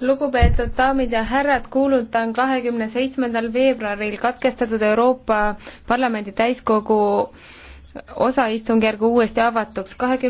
lugupeetud daamid ja härrad, kuulutan kahekümne seitsmendal veebruaril katkestatud Euroopa Parlamendi täiskogu osaistungjärgu uuesti avatuks.